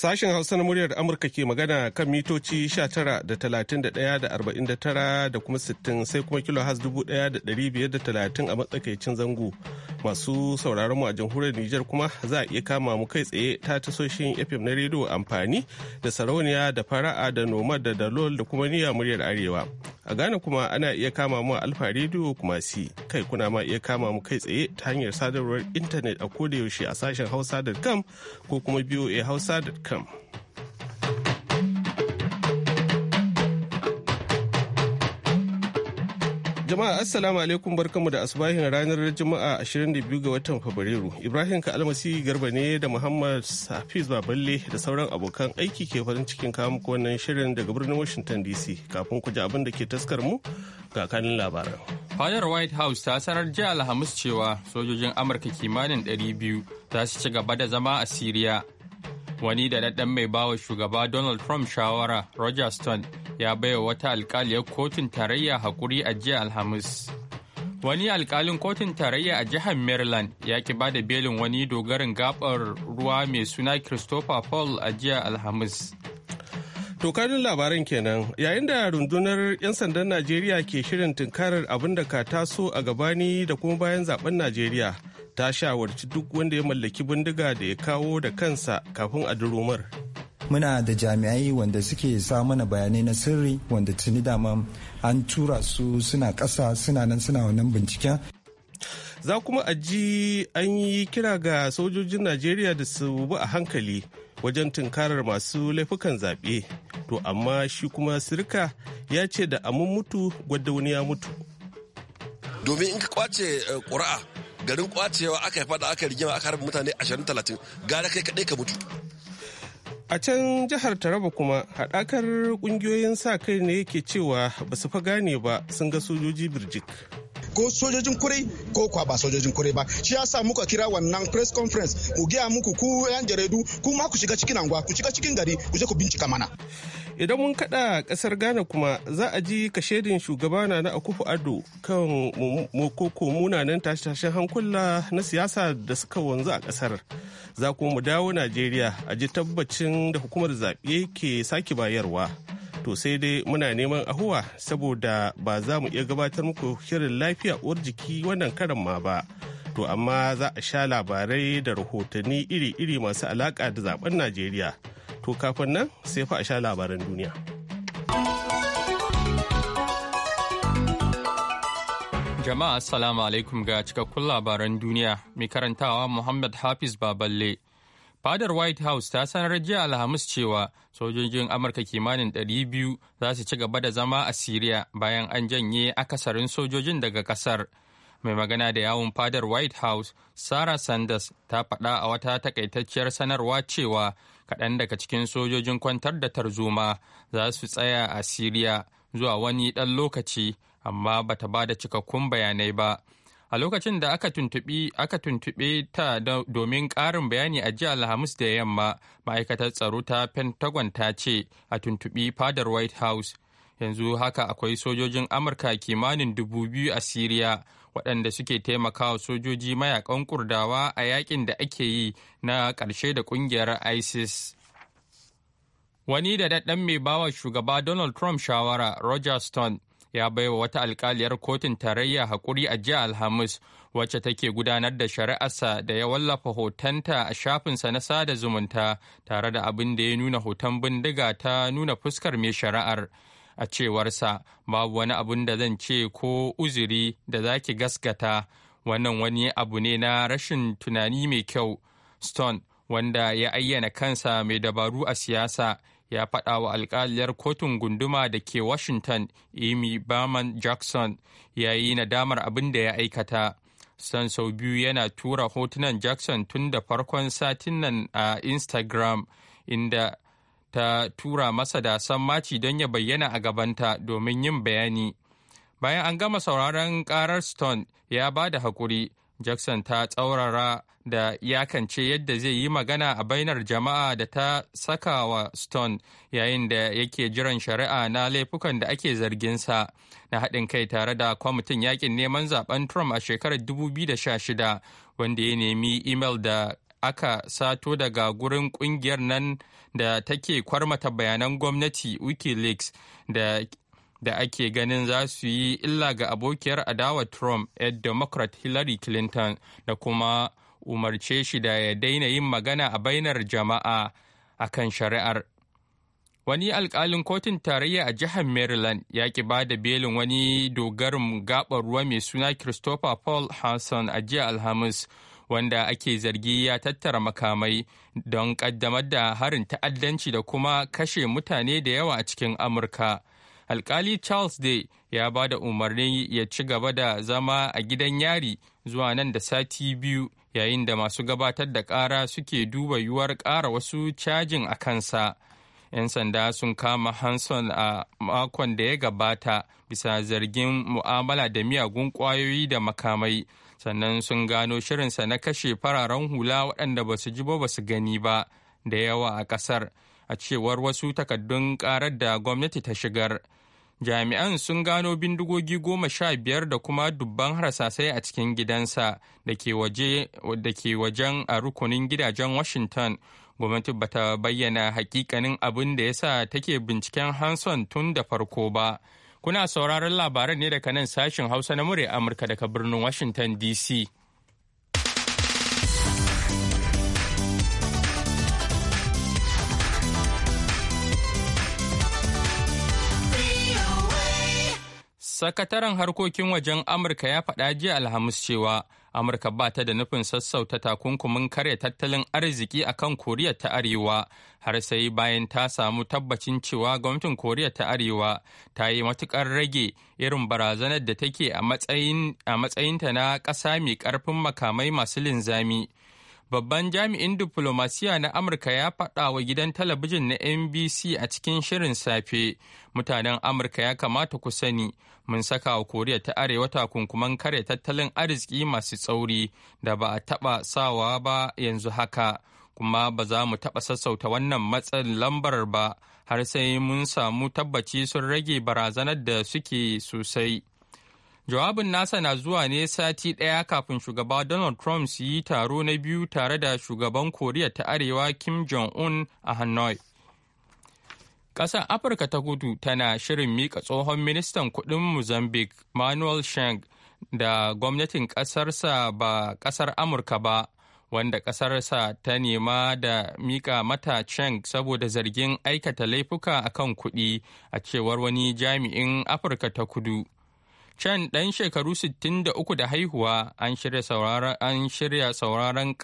Sashen Hausa na muryar Amurka ke magana kan mitoci 19 da 31 da 49 da kuma 60 sai kuma kilo has 1530 a matsakaicin zango. Masu sauraron mu a jamhuriyar Nijar kuma za a iya kama mu kai tsaye ta tasoshin FM na rediyo amfani da sarauniya da fara'a da noma da dalol da kuma niyya muryar Arewa. A Ghana kuma ana iya kama mu a Alfa rediyo kuma si kai kuna ma iya kama mu kai tsaye ta hanyar sadarwar intanet a kodayaushe a sashen hausa.com ko kuma voa hausa.com Welcome. Jama'a Assalamu alaikum barkanmu da asubahin ranar Juma'a 22 ga watan Fabrairu. Ibrahim almasi Garba ne da Muhammad Hafiz Baballe da sauran abokan aiki ke farin cikin kawo muku wannan shirin daga birnin Washington DC. Kafin ku ji abin da ke taskar mu ga kanin labaran. Fadar White House ta sanar jiya Alhamis cewa sojojin Amurka kimanin 200 za su ci gaba da zama a Siriya wani da daɗaɗɗen mai bawa shugaba donald trump shawara roger stone ya baiwa wata alkaliyar kotun tarayya haƙuri a jiya alhamis wani alkalin kotun tarayya a jihar maryland ya ki ba da belin wani dogarin gabar ruwa mai suna christopher paul a jiya alhamis Tokarin labaran kenan yayin da rundunar 'yan sandan Najeriya ke shirin tunkarar abin da ka taso a gabani da kuma bayan zaben Najeriya ta shawarci duk wanda ya mallaki bindiga da ya kawo da kansa kafin a durumar. Muna da jami'ai wanda suke sa mana bayanai na sirri wanda tuni dama an tura su suna ƙasa suna nan suna wannan binciken. Za kuma a ji an yi kira ga sojojin Najeriya da su bi a hankali wajen tunkarar masu laifukan zaɓe. To amma shi kuma sirka ya ce da amin mutu gwada wani ya mutu. Domin in ka kwace eh, ƙura'a garin kwacewa aka yi fada aka rigima aka harbi mutane 20-30 gara kai kaɗai ka mutu. A can jihar Taraba kuma haɗakar ƙungiyoyin sa kai ne yake cewa ba su fa gane ba sun ga sojoji birjik. ko sojojin kurai ko kwa ba sojojin kurai ba shi ya sa muka kira wannan press conference mu gaya muku ku yan jaridu ku ma ku shiga cikin anguwa ku shiga cikin gari ku je ku bincika mana idan mun kada kasar ghana kuma za a ji kashedin shugaba na akufu ado kan mokoko munanan tashe-tashen hankula na siyasa da suka wanzu a kasar za kuma mu dawo najeriya a ji tabbacin da hukumar zaɓe ke sake bayarwa to sai dai muna neman ahuwa saboda ba za mu iya gabatar muku shirin lafiya uwar jiki wannan karan ma ba to amma za a sha labarai da rahotanni iri-iri masu alaƙa da zaben najeriya to kafin nan sai fa a sha labaran duniya jama'a assalamu alaikum ga cikakkun labaran duniya mai karantawa muhammad hafiz baballe Fadar White House ta sanar jiya Alhamis cewa sojojin Amurka kimanin 200 za su ci gaba da zama a syria bayan an janye akasarin sojojin daga kasar. Mai magana da yawun fadar White House, Sarah Sanders, ta faɗa a wata takaitacciyar sanarwa cewa kaɗan daga cikin sojojin kwantar da tarzoma za su tsaya a Siriya zuwa wani ɗan lokaci, amma bata ba da cikakkun bayanai ba. a lokacin da aka tuntuɓi aka tuntuɓe ta domin ƙarin bayani a jiya alhamis da yamma ma'aikatar tsaro ta pentagon ta ce a tuntuɓi fadar white house yanzu haka akwai sojojin amurka kimanin dubu biyu a siriya waɗanda suke taimakawa sojoji mayakan kurdawa a yakin da ake yi na ƙarshe da ƙungiyar isis wani da daɗɗan mai bawa shugaba donald trump shawara roger stone ya baiwa wata alkaliyar kotun tarayya haƙuri a jiya alhamis wacce take gudanar da shari'arsa da ya wallafa hotonta a shafinsa na sada zumunta tare da abin da ya nuna hoton bindiga ta nuna fuskar mai shari'ar a cewarsa babu wani abin da zan ce ko uzuri da zaki gaskata wannan wani abu ne na rashin tunani mai kyau stone wanda ya ayyana kansa mai dabaru a siyasa ya faɗa wa alkaliyar kotun gunduma da ke washington amy berman jackson ya yi nadamar abin da ya aikata san sau biyu yana tura hotunan jackson tun da farkon satin nan a instagram inda ta tura masa da san maci don ya bayyana a gabanta domin yin bayani bayan an gama sauraron karar stone ya ba da haƙuri Jackson ta tsaurara da iyakance yadda zai yi magana a bainar jama'a da ta saka wa Stone yayin da yake jiran shari'a na laifukan da ake zarginsa na haɗin kai tare da kwamitin yakin neman zaben Trump a shekarar 2016 wanda ya nemi imel da aka sato daga gurin ƙungiyar nan da take kwarmata bayanan gwamnati wikileaks da da ake ganin za su yi illa ga abokiyar adawa Trump, 'yar Democrat Hillary Clinton, da kuma umarce shi da ya daina yin magana a bainar jama'a a kan shari'ar. Wani alkalin kotun tarayya a jihar Maryland ya ki ba da belin wani dogarin gabar ruwa mai suna Christopher Paul Hanson a jiya Alhamis. wanda ake zargi ya tattara makamai don kaddamar da harin ta'addanci da kuma kashe mutane da yawa a cikin amurka alkali charles day ya ba da umarni ya ci gaba da zama a gidan yari zuwa nan da sati biyu yayin da masu gabatar da ƙara suke duba yuwar ƙara wasu cajin a kansa 'yan sanda sun kama hanson a makon da ya gabata bisa zargin mu'amala da miyagun ƙwayoyi da makamai sannan sun gano shirinsa na kashe fararen hula waɗanda ba su ji ba su gani ba da yawa a ƙasar a cewar wasu takaddun ƙarar da gwamnati ta shigar jami'an sun gano bindigogi goma sha biyar da kuma dubban harsasai a cikin gidansa da ke wajen a rukunin gidajen washington gwamnati bata bayyana hakikanin abin da ya sa take binciken hanson tun da farko ba kuna sauraron labaran ne daga nan sashen hausa na murya amurka daga birnin washington dc Sakataren harkokin wajen Amurka ya faɗa jiya Alhamis cewa Amurka ba ta da nufin sassauta takunkumin karya tattalin arziki a kan Koriya ta Arewa har sai bayan ta samu tabbacin cewa gwamnatin Koriya ta Arewa ta yi matukar rage irin barazanar da take a matsayinta na ƙasa mai ƙarfin makamai masu linzami. babban jami'in diflomasiya na amurka ya faɗa wa gidan talabijin na nbc a cikin shirin safe mutanen amurka ya kamata ku sani mun saka wa koriya ta arewa takunkuman kare tattalin arziki masu tsauri da ba a taɓa sawa ba yanzu haka kuma ba za mu taɓa sassauta wannan matsin lambar ba har sai mun samu tabbaci sun rage barazanar da suke sosai Jawabin nasa na zuwa ne sati ɗaya kafin shugaba Donald Trump su yi taro na biyu tare da shugaban Koriya ta Arewa Kim Jong-un a Hanoi. Ƙasar Afirka ta Kudu tana shirin mika tsohon ministan kuɗin Mozambique Manuel Sheng da gwamnatin ƙasarsa ba ƙasar Amurka ba, wanda ƙasarsa ta nema da mika mata Chang saboda zargin aikata laifuka akan kuɗi a cewar wani jami'in Afirka ta Kudu. Chan ɗan shekaru 63 da haihuwa an shirya sauraron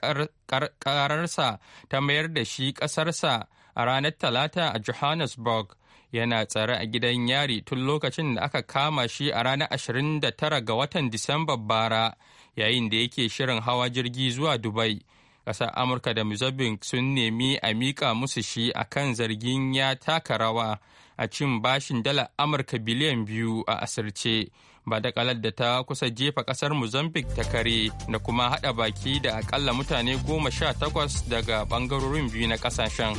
ƙararsa ta mayar da shi ƙasarsa a ranar Talata a Johannesburg. Yana tsare a gidan yari tun lokacin da aka kama shi a ranar 29 ga watan Disamba bara yayin da yake shirin hawa jirgi zuwa Dubai. Ƙasar Amurka da Mozambique sun nemi a miƙa musu shi a kan zargin ya taka rawa a cin bashin dala Amurka biliyan biyu a asirce. ba da kalar da ta kusa jefa kasar mozambique ta kare da kuma hada baki da akalla mutane goma sha takwas daga bangarorin biyu na kasashen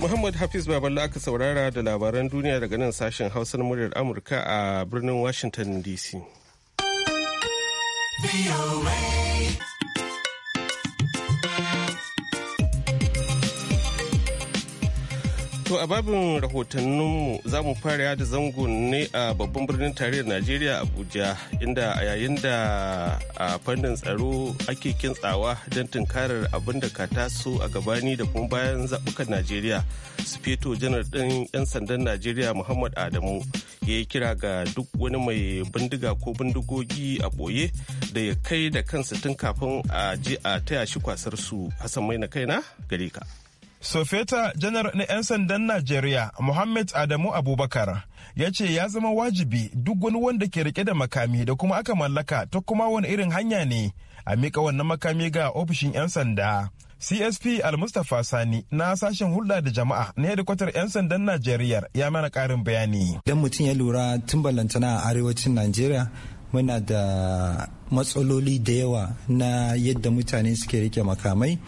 Muhammad Hafiz Baballa aka saurara da labaran duniya daga nan sashen Hausa na muryar Amurka a birnin Washington DC. To a babin rahotanninmu za mu fara da zango ne a babban birnin tarayyar Najeriya Abuja inda a yayin da a fannin tsaro ake kintsawa don tunkarar abin da ka taso a gabani da kuma bayan zaɓukan Najeriya. Sufeto janar ɗin 'yan sandan Najeriya Muhammad Adamu ya yi kira ga duk wani mai bindiga ko bindigogi a ɓoye da ya kai da kansa tun kafin a je a taya shi kwasar su Hassan Maina kaina gare ka. Sofeta janar na 'yan sandan Najeriya Muhammad Adamu Abubakar ya ce ya zama wajibi duk wani wanda ke rike da makami da kuma aka mallaka ta kuma wani irin hanya ne a miƙa wannan makami ga ofishin 'yan sanda. CSP Almustapha Sani na sashen hulɗa da jama'a na hedikwatar 'yan sandan Najeriya ya mana ƙarin bayani. Idan mutum ya lura tun ballantana a arewacin Najeriya muna da matsaloli da yawa na yadda mutane suke rike makamai.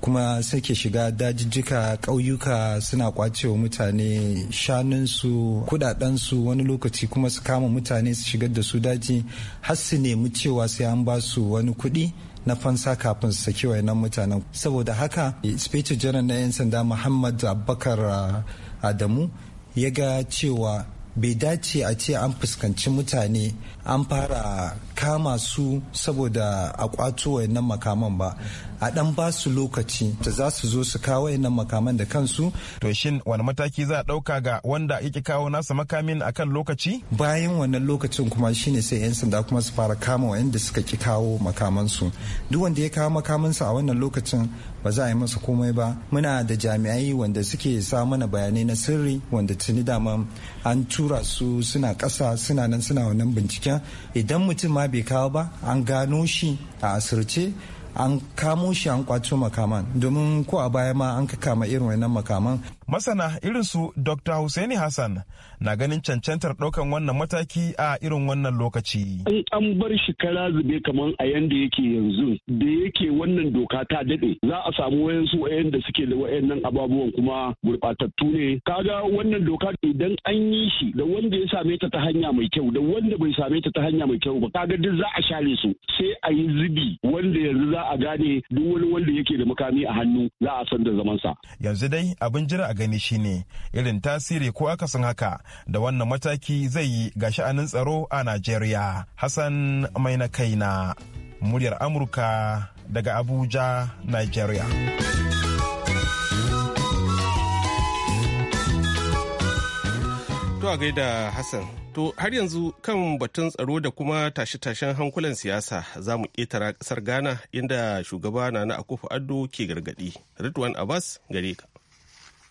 kuma sai ke shiga dajijjika ƙauyuka suna kwacewa mutane shanunsu kudadensu wani lokaci kuma su kama mutane su shigar da su daji har su nemi cewa sai an ba su wani kuɗi na fansa kafin su saki wayannan mutanen saboda haka inspector general na 'yan sanda muhammad abubakar adamu ya ga cewa bai dace a ce an fuskanci mutane an fara kama su saboda a kwato wayannan makaman ba a dan ba su lokaci da za su zo su kawo wayannan makaman da kansu to shin wani mataki za a dauka ga wanda yake kawo nasa makamin akan lokaci bayan wannan lokacin kuma shine sai yan sanda kuma su fara kama wayanda suka ki kawo makaman su duk wanda ya kawo sa a wannan lokacin ba za a yi masa komai ba muna da jami'ai wanda suke sa mana bayanai na sirri wanda tuni dama an tura su suna ƙasa suna nan suna wannan binciken idan mutum ma bai kawo ba an gano shi a asirce an kamo shi an kwato makaman domin ko a baya ma an kama irin wannan makaman masana irin su dr Hussaini hassan na ganin cancantar ɗaukan wannan mataki a irin wannan lokaci an an bar shi kara zube kamar a yanda yake yanzu da yake wannan doka ta daɗe za a samu wayansu da suke da wayannan ababuwan kuma gurɓatattu ne kaga wannan doka idan an yi shi da wanda ya same ta ta hanya mai kyau da wanda bai same ta ta hanya mai kyau ba kaga duk za a share su sai a yi zubi wanda yanzu za a gane duk wani wanda yake da makami a hannu za a san da zamansa yanzu dai abin jira a gani shine irin tasiri ko akasin haka da wannan mataki zai yi ga sha'anin tsaro a Najeriya. Hassan mai na kai na muryar Amurka daga Abuja, Najeriya. To a gaida Hassan, to har yanzu kan batun tsaro da kuma tashe-tashen hankulan siyasa za mu ƙetara ƙasar Ghana inda shugaba Nana Akufo Addo ke gargaɗi. Ridwan Abbas gare ka.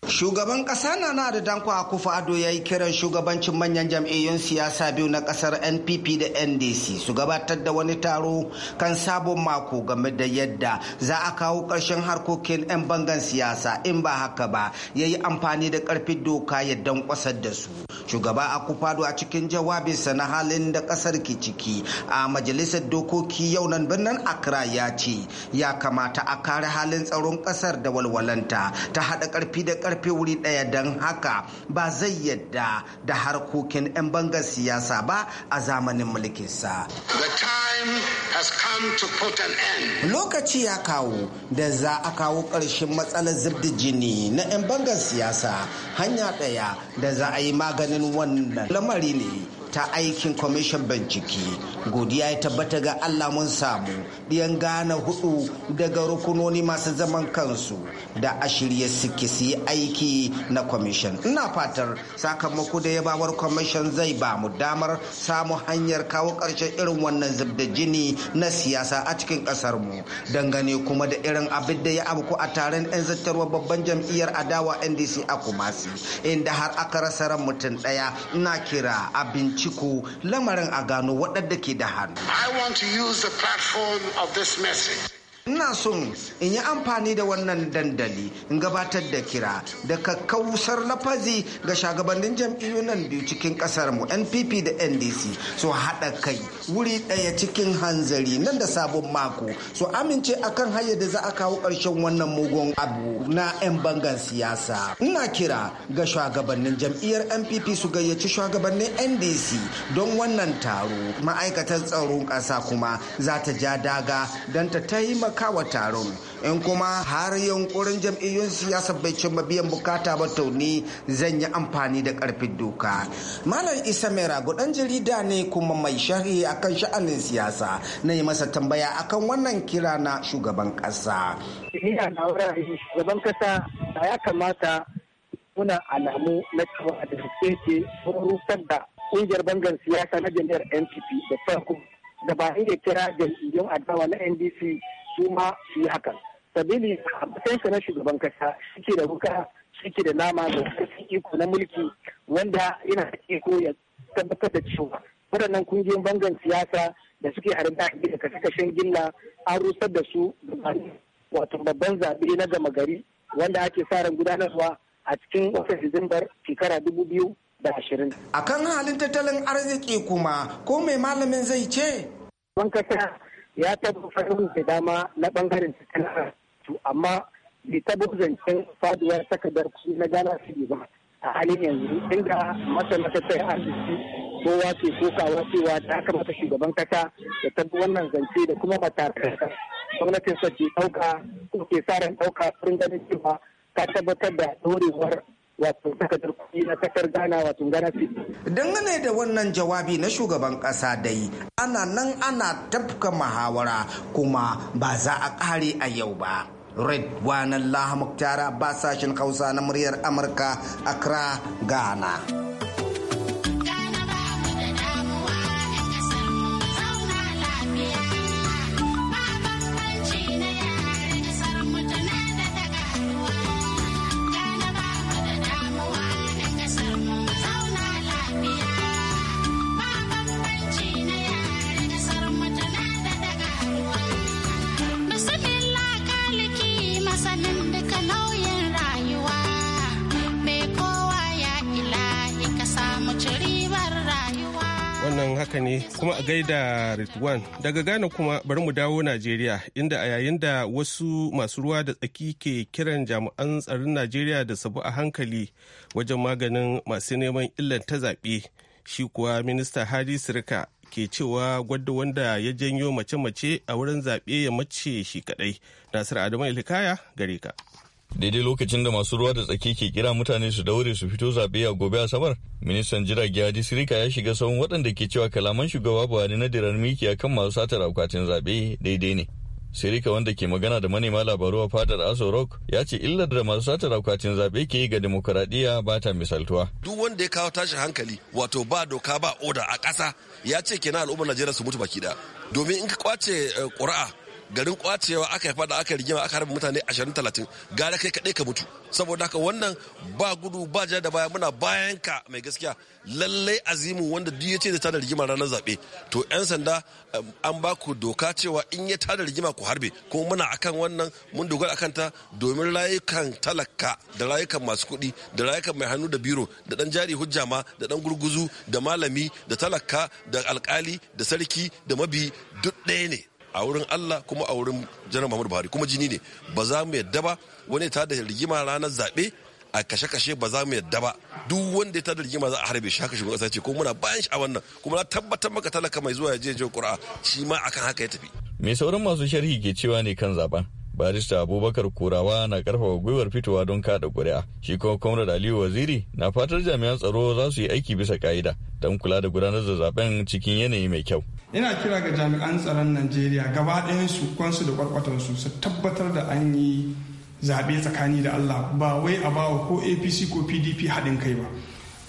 Shugaban ƙasa na da Danko Kufa Ado ya yi kiran shugabancin manyan jam'iyyun siyasa biyu na ƙasar NPP da NDC su gabatar da wani taro kan sabon mako game da yadda za a kawo ƙarshen harkokin 'yan bangan siyasa in ba haka ba ya yi amfani da ƙarfin doka ya dankwasar da su. Shugaba a kufa a cikin jawabinsa na halin da ƙasar ke ciki a majalisar dokoki yau nan birnin Accra ya ce ya kamata a kare halin tsaron ƙasar da walwalanta ta haɗa ƙarfi da karfe wuri daya don haka ba zai yadda da harkokin 'yan bangar siyasa ba a zamanin mulkinsa. Lokaci ya kawo da za a kawo ƙarshen matsalar zubda jini na 'yan bangar siyasa hanya ɗaya da za a yi maganin wannan lamari ne. ta aikin kwamishin bincike godiya ya tabbata ga allah mun samu ɗiyan gane hudu daga rukunoni masu zaman kansu da a shirye suke su yi aiki na kwamishin ina fatar sakamako da yabawar kwamishin zai ba mu damar samu hanyar kawo ƙarshen irin wannan zub jini na siyasa a cikin ƙasar mu dangane kuma da irin abin da ya abu a taron 'yan zattarwa babban jam'iyyar adawa ndc a kumasi inda har aka rasa ran mutum ɗaya na kira abinci binciko lamarin a gano waɗanda ke da hannu. I want to use the platform of this message ina son in yi amfani da wannan dandali in gabatar da kira da kakkausar lafazi ga shagabannin jam'iyyun nan biyu cikin kasar mu npp da ndc su haɗa kai wuri ɗaya cikin hanzari nan da sabon mako su amince akan hanyar da za a kawo ƙarshen wannan mugun abu na 'yan bangan siyasa ina kira ga shagabannin jam'iyyar npp su gayyaci shagabannin ndc don wannan taro ma'aikatar tsaron ƙasa kuma za ta ja daga don ta taimaka taimakawa taron in kuma har yankurin jam'iyyun siyasa bai ma biyan bukata ba tauni zan yi amfani da karfin doka malam isa mai rago jarida ne kuma mai sharhi akan sha'anin siyasa na yi masa tambaya akan wannan kira na shugaban kasa na shugaban kasa da ya kamata muna alamu na cewa da ce sun rusar da kungiyar bangar siyasa na jami'ar npp da farko da ba inda kira jam'iyyun adawa na ndc su ma su yi hakan sabili sa na shugaban kasa suke da wuka suke da nama da wasu iko na mulki wanda ina da iko ya tabbatar da cewa waɗannan kungiyoyin bangan siyasa da suke harin da kashe-kashen gilla an rusar da su wato babban zaɓe na gama gari wanda ake sa ran gudanarwa a cikin watan disambar shekara dubu biyu da ashirin. A kan halin tattalin arziki kuma ko mai malamin zai ce? ya taɓa farin da dama na ɓangaren tattalin arziki amma bai taɓa zancen faduwar takardar kuɗi na gana su ba a halin yanzu inda masana tattalin arziki kowa ke kokawa cewa ta kamata shugaban kasa ya tabbi wannan zance da kuma matakan gwamnatin sa ke ɗauka ko ke sa ran ɗauka sun ganin cewa ka tabbatar da ɗorewar. wato takardar kuɗi na takar gana wato gana fi. Dangane da wannan jawabi na shugaban ƙasa dai ana nan ana tafka muhawara kuma ba za a ƙare a yau ba. Red Wanan Lahamuktara ba sashen Hausa na muryar Amurka Accra, Ghana. nan haka ne kuma a gaida Ritwan. Daga Ghana kuma bari mu dawo Najeriya inda a yayin da wasu masu ruwa da tsaki ke kiran jami'an tsaron Najeriya da sabu a hankali wajen maganin masu neman illan ta zaɓe. Shi kuwa minista Hadi Sirika ke cewa gwada wanda ya janyo mace-mace a wurin zaɓe ya mace shi kaɗai. Nasiru Adamu Ilhikaya gare ka. daidai lokacin da masu ruwa da tsaki ke kira mutane su daure su fito zaɓe a gobe asabar ministan jirage hadi sirika ya shiga sahun waɗanda ke cewa kalaman shugaba buhari na diran miki akan masu satar akwatin zaɓe daidai ne sirika wanda ke magana da manema labaru a fadar aso rock ya ce illar da masu satar akwatin zaɓe ke yi ga demokaradiyya ba ta misaltuwa duk wanda ya kawo tashin hankali wato ba doka ba oda a ƙasa ya ce kena al'ummar najeriya su mutu baki ɗaya domin in ka kwace eh, ƙuri'a garin kwacewa aka yi fada aka rigima aka harbi mutane 20 30 gara kai kaɗai ka mutu saboda haka wannan ba gudu ba ja da baya muna bayan ka mai gaskiya lallai azimu wanda duk ya ce da tada rigima ranar zaɓe to 'yan sanda um, an ba ku doka cewa in ya tada rigima ku harbe kuma muna akan wannan mun dogara akan ta domin rayukan talaka da rayukan masu kuɗi da rayukan mai hannu da biro da ɗan jari hujja ma da ɗan gurguzu da malami da talaka da alkali da sarki da mabi duk ɗaya ne a wurin Allah kuma a wurin janar Muhammadu Buhari kuma jini ne ba za mu yadda ba wani ta da rigima ranar zaɓe a kashe-kashe ba za mu yadda ba duk wanda ya tada rigima za a harbe shi haka shugaban kasa ce ko muna bayan shi a wannan kuma na tabbatar maka talaka mai zuwa ya je je ƙura shi ma akan haka ya tafi. me sauran masu sharhi ke cewa ne kan zaben barista abubakar kurawa na karfafa gwiwar fitowa don kada kuri'a shi kuma comrade aliyu waziri na fatar jami'an tsaro za su yi aiki bisa ka'ida don kula da gudanar da zaben cikin yanayi mai kyau ina kira ga jami'an tsaron najeriya gaba ɗayan su kwansu da kwarkwatansu su tabbatar da an yi zaɓe tsakani da allah ba wai a bawa ko apc ko pdp haɗin kai ba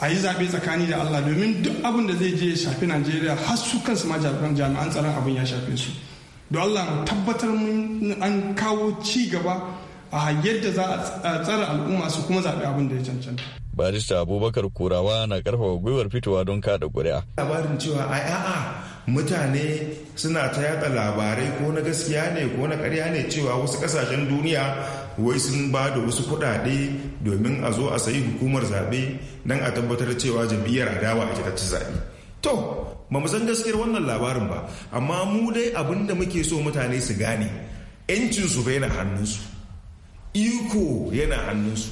a yi zaɓe tsakani da allah domin duk abin da zai je ya shafi najeriya har su kansu ma jami'an tsaron abin ya shafe su da allah tabbatar mun an kawo ci gaba a yadda za a tsara al'umma su kuma zaɓi abin da ya cancanta barista abubakar kurawa na karfafa gwiwar fitowa don kada ƙuri'a labarin cewa a a'a mutane suna ta yada labarai ko na gaskiya ne ko na karya ne cewa wasu kasashen duniya wai sun ba da wasu kuɗaɗe domin a zo a sayi hukumar zaɓe don a tabbatar cewa jam'iyyar adawa ita ta ci zaɓe to ba mu san gaskiyar wannan labarin ba amma mu dai abin da muke so mutane su gane yancin su yana hannunsu iko yana hannunsu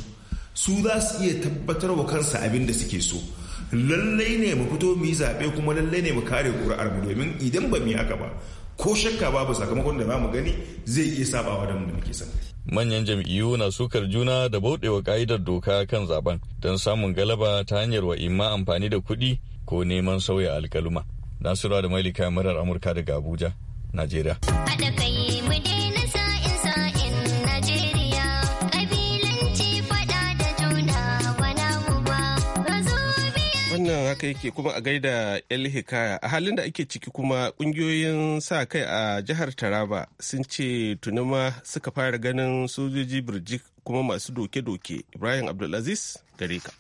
su za su iya tabbatar wa kansa abin da suke so lallai ne mu fito mu yi zaɓe kuma lallai ne mu kare ƙuri'ar mu domin idan ba mu yi haka ba ko shakka babu sakamakon da ba mu gani zai iya sabawa wa mu da muke son manyan jam'iyyu na sukar juna da bauɗewa ƙa'idar doka kan zaben don samun galaba ta hanyar wa ma amfani da kuɗi ko neman sauya alkaluma. Nasura da maili murar Amurka daga Abuja, Najeriya. mu faɗa da juna Wannan haka yake kuma a gaida El Hikaya. A halin da ake ciki kuma ƙungiyoyin sa kai a jihar Taraba sun ce tunuma suka fara ganin sojoji birjik kuma masu doke-doke. Ibrahim Abdulaziz gare ka.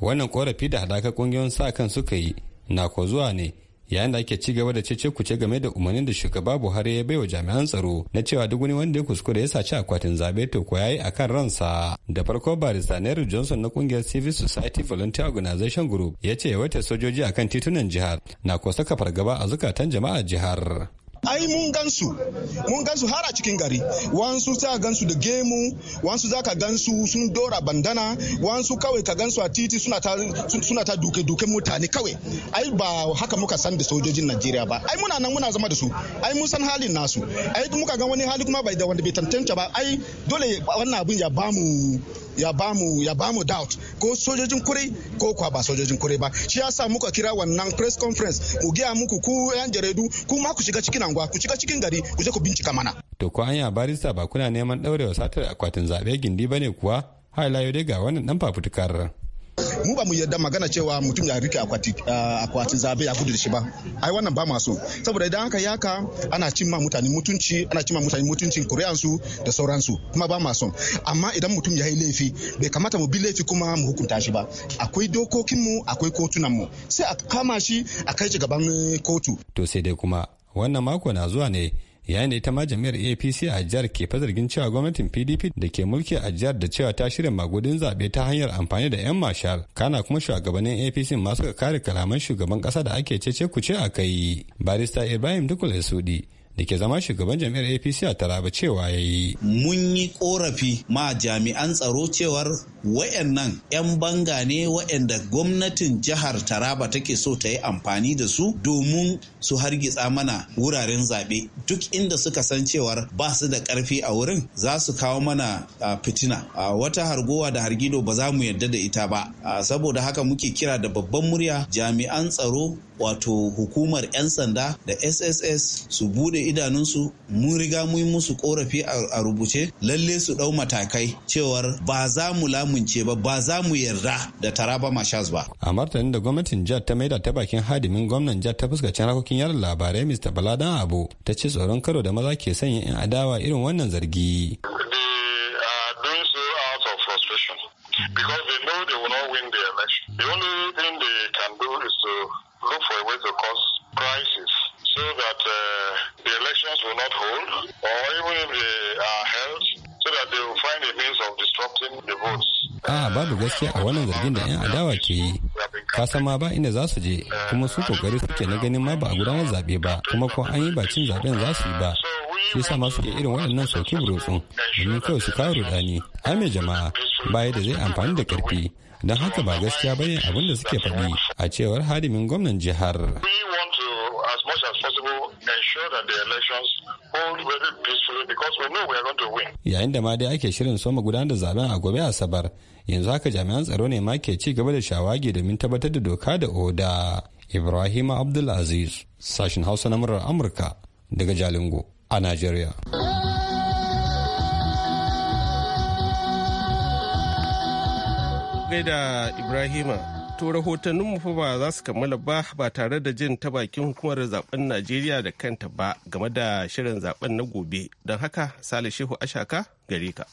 wannan korafi da hadakar ƙungiyoyin sa kan suka yi na ko zuwa ne yayin da ake ci gaba da cece kuce game da umarnin da shugaba buhari ya baiwa jami'an tsaro na cewa duk wani wanda ya kuskure ya saci akwatin zabe to ko yayi akan ransa da farko barista nehru johnson na kungiyar civil society volunteer organization group ya ce yawaitar sojoji akan titunan jihar na ko saka fargaba a zukatan jama'a jihar ai mun gansu mun gansu har a cikin gari wansu za gansu da gemu wansu za ka gansu sun dora bandana wansu kawai ka gansu a titi suna ta duke duke mutane kawai ai ba haka muka san da sojojin Najeriya ba ai muna nan muna zama da su ai mun san halin nasu ai muka ga wani hali kuma bai da wanda bai tantance ba ai dole wannan abin ya bamu ya ba mu ya ba mu doubt ko sojojin kurai ko kwa ba sojojin kurai ba shi yasa muka kira wannan press conference mu gaya muku ku yan jaridu ku ma ku shiga cikin anguwa ku shiga cikin gari ku je ku bincika mana to ko an anya barista ba kuna neman daurewa satar akwatin zabe gindi bane kuwa har dai ga wannan dan fafutukar mu ba mu yarda magana cewa mutum ya rike akwati ah, akwatin zabe ya gudu da shi ba ai wannan ba masu saboda idan aka yaka ana cin ma mutane mutunci ana cin ma mutane mutuncin su da sauransu kuma ba masu amma idan mutum ya yi laifi bai kamata mu bi laifi kuma mu hukunta shi ba akwai dokokin mu akwai kotunan mu sai a kama shi a kai shi gaban eh, kotu to sai dai kuma wannan mako na zuwa ne ya ne ta ma jami'ar apc a jihar ke fa zargin cewa gwamnatin pdp da ke mulki a jihar da cewa ta shirya magudin zaɓe ta hanyar amfani da 'yan mashal kana kuma shugabannin apc masu kare kalaman shugaban ƙasa da ake cece kuce a kai barista ibrahim dukul sudi da ke zama shugaban jami'ar apc a taraba cewa ya yi mun yi korafi ma jami'an tsaro cewar wayannan 'yan banga ne wayanda gwamnatin jihar taraba take so ta yi amfani da su domin su hargitsa mana wuraren zaɓe duk inda suka san cewar ba su da karfi a wurin za su kawo mana fitina wata hargowa da hargido ba za mu yarda da ita ba saboda haka muke kira da babban murya jami'an tsaro wato hukumar 'yan sanda da sss su bude idanunsu mun riga mun musu korafi a rubuce lalle su dau matakai cewar ba za mu lamunce ba ba za mu yarda da taraba mashas ba a martanin da gwamnatin jihar ta maida ta bakin hadimin gwamnan jihar ta fuskacin harkokin yaran labarai mr baladan abu ta ce tsoron karo da maza ke sanya 'yan adawa irin wannan zargi will not hold, or even if they are held, so that they will find a means of disrupting the votes. Ah, uh, babu gaskiya a wannan zargin da 'yan adawa ke yi san ma ba inda za su je kuma su kokari suke na ganin ma ba a gudanar zaɓe ba kuma ko an yi bacin zaɓen za su yi ba shi sa masu ke irin waɗannan soki burutsu domin kawai su kawo rudani ai mai jama'a ba yadda zai amfani da karfi don haka ba gaskiya bane abin da suke faɗi a cewar hadimin gwamnan jihar. as much as possible ensure that the elections hold very peacefully because we know we are going to win. Yayin da ma dai ake shirin soma gudanar da zaben a gobe Asabar, yanzu haka jami'an tsaro ne ma ke ci gaba da shawagi domin tabbatar da doka da oda. Ibrahim Abdulaziz, sashen Hausa na murar Amurka daga Jalingo a Najeriya. Gaida Ibrahima To rahotanninmu fa ba za su kammala ba ba tare da jin ta bakin hukumar zaben Najeriya da kanta ba game da shirin zaben na gobe. Don haka Sale Shehu Ashaka gare ka.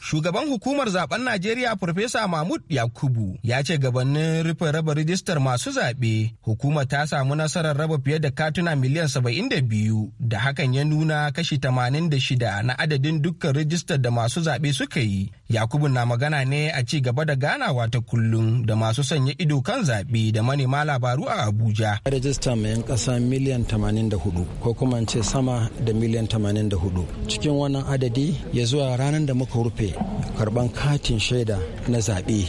Shugaban hukumar zaben Najeriya Farfesa Mahmud Yakubu ya ce gabanin rufe raba rijistar masu zaɓe hukuma ta samu nasarar raba fiye da katuna miliyan 72 da hakan ya nuna kashi 86 na adadin dukkan rijistar da masu zaɓe suka yi. Yakubu na magana ne a ci gaba da ganawa ta kullum da masu sanya ido kan zaɓe da manema labaru a Abuja. Rijistar mai ƙasa miliyan 84 ko kuma ce sama da miliyan 84. Cikin wannan adadi ya zuwa ranar da muka rufe karban katin shaida na zaɓe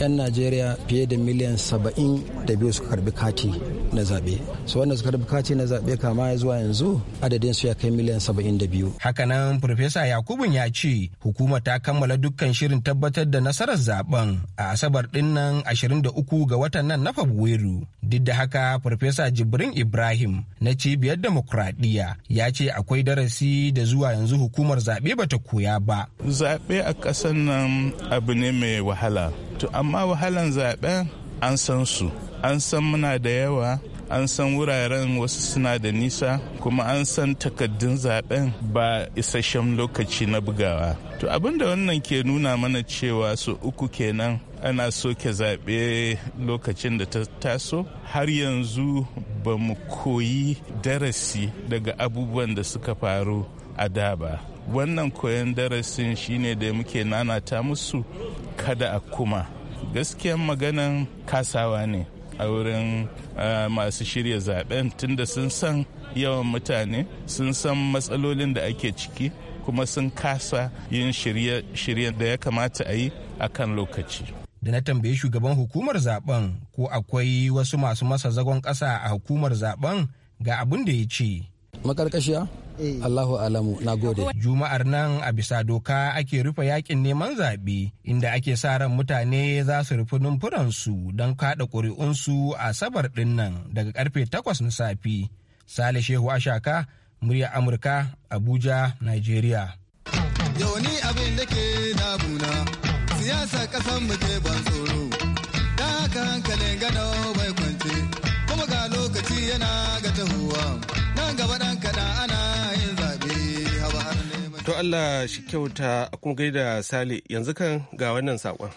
'yan najeriya fiye da miliyan saba'in da biyu suka karbi kati na zaɓe su wanda suka rubuta na zaɓe kama ya zuwa yanzu adadin su ya kai miliyan saba'in da biyu. hakanan farfesa yakubun ya ce hukumar ta kammala dukkan shirin tabbatar da nasarar zaɓen a asabar din nan 23 ga watan nan na fabrairu duk da haka farfesa jibrin ibrahim na cibiyar demokradiyya ya ce akwai darasi da zuwa yanzu hukumar zaɓe bata koya ba zaɓe a ƙasar nan abu ne mai wahala to amma wahalan zaɓen an san su an san muna da yawa an san wuraren wasu suna da nisa kuma an san takaddun zaben ba isasshen lokaci na bugawa to abinda wannan ke nuna mana cewa su uku kenan ana soke zaɓe lokacin da ta taso har yanzu ba mu koyi darasi daga abubuwan da suka faru a da ba wannan koyon darasin shine da muke nanata musu kada a kuma gaskiyan maganan kasawa ne a wurin eh, masu shirya zaben tunda sun san yawan mutane sun san matsalolin da ake ciki kuma sun kasa yin shirye da ya kamata a yi a kan lokaci da na tambaye shugaban hukumar zaben ko akwai wasu masu masa zagon ƙasa a hukumar zaben ga abin da ya ce makarkashiya Eh. Allahu alamu na gode. Juma'ar nan a bisa doka ake rufe yakin neman zaɓe inda ake sa ran mutane za su rufe numfuransu don kaɗa ƙuri'unsu a sabar ɗin nan daga karfe takwas na safi. Sale Shehu Ashaka, murya Amurka, Abuja, Nigeria. ni abin da ke damuna, siyasa ƙasar mu ke ban tsoro, da haka hankalin gano bai kwance. kuma ga lokaci yana ga tahuwa nan gaba dan kada ana yin zaɓe haba har to Allah shi kyauta kuma da Sale yanzu kan ga wannan sakon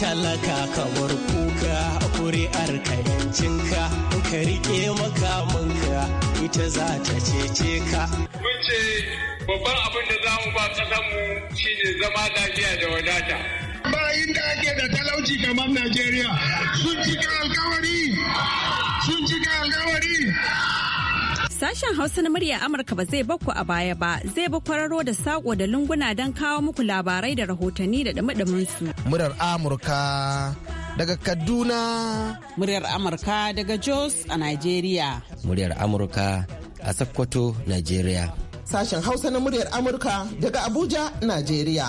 Talaka ka kamar kuka kuri'ar ka in ka riƙe makamanka ita za ta cece ka. Mun ce babban abin da za mu ba ƙasanmu shine zama lafiya da wadata. bayin da ake da talauci kamar Najeriya sun cika alkawari sun cika alkawari Sashen Hausa na murya Amurka ba zai bakku a baya ba zai bi kwararo da sako da lunguna don kawo muku labarai da rahotanni da dumi su. Murar Amurka daga Kaduna. Muryar Amurka daga Jos a Najeriya. Muryar Amurka a Sokoto, Najeriya. Sashen Hausa na muryar Amurka daga Abuja, Najeriya.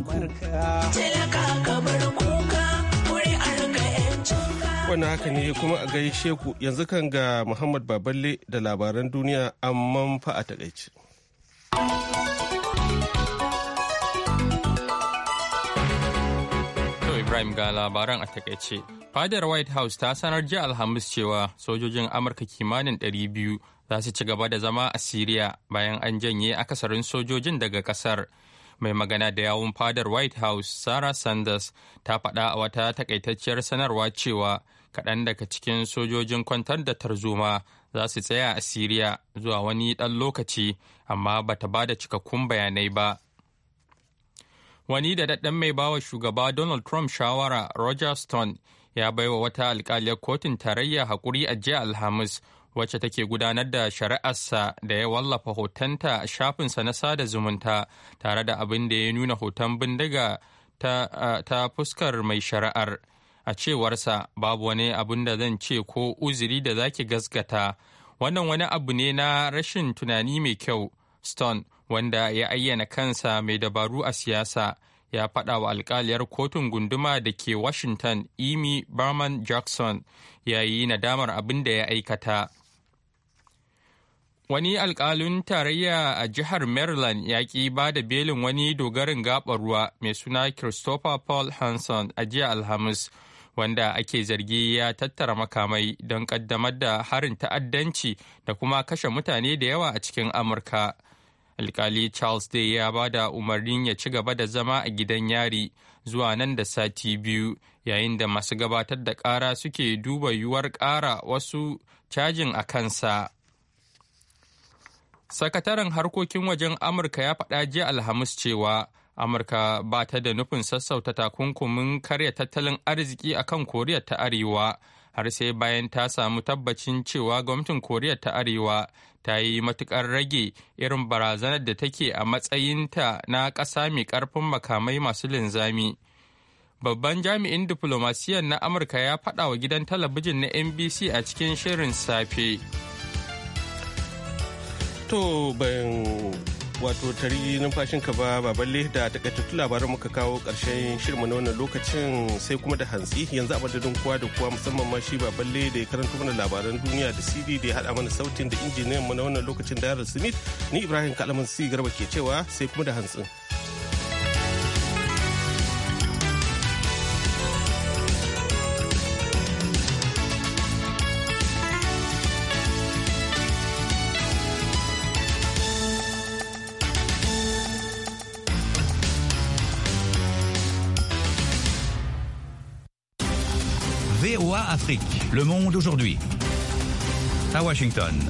ku. Wani haka ne kuma a gaishe ku yanzu kan ga Muhammad Baballe da labaran duniya amman fa a takaice. Ibrahim ga labaran a takaice. Fadar White House ta sanar jiya Alhamis cewa sojojin Amurka kimanin 200 za su ci gaba da zama a Siriya bayan an janye akasarin sojojin daga kasar. mai magana da yawun fadar white house sarah sanders ta faɗa a wata takaitacciyar sanarwa cewa kaɗan daga cikin sojojin kwantar da tarzoma za su tsaya a siriya zuwa wani ɗan lokaci amma ba ta ba da cikakkun bayanai ba wani da daɗɗan mai bawa shugaba donald trump shawara roger stone ya baiwa wata alkaliyar kotun tarayya haƙuri a jiya alhamis wacce take gudanar da shari'arsa da ya wallafa hotonta a shafinsa na sada zumunta tare da abin da ya nuna hoton bindiga ta, fuskar mai shari'ar a cewarsa babu wani abin da zan ce ko uzuri da zaki gasgata wannan wani abu ne na rashin tunani mai kyau stone wanda ya ayyana kansa mai dabaru a siyasa ya faɗa wa alkaliyar kotun gunduma da ke washington imi barman jackson ya yi nadamar abin da ya aikata wani alƙalin tarayya a jihar maryland ya ƙi ba da belin wani dogarin gaɓar ruwa mai suna christopher paul hanson a jiya alhamis wanda ake zargi ya tattara makamai don ƙaddamar da harin ta'addanci da kuma kashe mutane da yawa a cikin amurka alkali charles day ya ba da umarnin ya ci gaba da zama a gidan yari zuwa nan da sati biyu yayin da masu gabatar da ƙara suke duba yuwar ƙara wasu cajin a kansa Sakataren harkokin wajen Amurka ya faɗa jiya Alhamis cewa Amurka ba ta da nufin sassauta takunkumin karya tattalin arziki a kan Koriya ta Arewa har sai bayan ta samu tabbacin cewa gwamnatin Koriya ta Arewa ta yi matukar rage irin barazanar da take a matsayinta na ƙasa mai ƙarfin makamai masu linzami. Babban jami'in diflomasiyan na Amurka ya faɗa wa gidan talabijin na NBC a cikin shirin safe. to ban wato tari ka ba baballe da takaitattun labaran muka kawo karshen shirin na wannan lokacin sai kuma da hantsi yanzu a madadin kowa da kowa musamman ma shi baballe da ya karanta mana labaran duniya da cd da ya haɗa mana sautin da injiniyan mu na wannan lokacin da smith ni ibrahim kalaman si garba ke cewa sai kuma da hantsin. Le monde aujourd'hui. À Washington.